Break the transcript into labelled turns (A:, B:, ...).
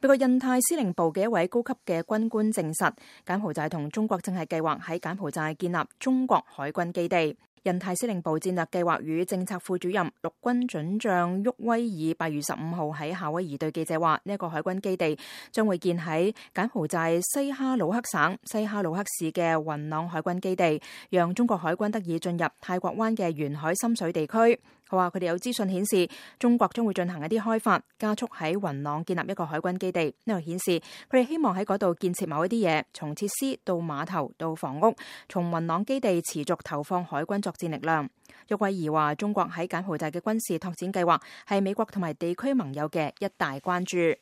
A: 不過，印太司令部嘅一位高級嘅軍官證實，柬埔寨同中國正係計劃喺柬埔寨建立中國海軍基地。印太司令部戰略計劃與政策副主任陸軍准將沃威爾八月十五號喺夏威夷對記者話：呢一個海軍基地將會建喺柬埔寨西哈努克省西哈努克市嘅雲朗海軍基地，讓中國海軍得以進入泰國灣嘅沿海深水地區。佢話佢哋有資訊顯示，中國將會進行一啲開發，加速喺雲朗建立一個海軍基地。呢度顯示佢哋希望喺嗰度建設某一啲嘢，從設施到碼頭到房屋，從雲朗基地持續投放海軍。作戰力量，玉桂儀話：中國喺柬埔寨嘅軍事拓展計劃係美國同埋地區盟友嘅一大關注。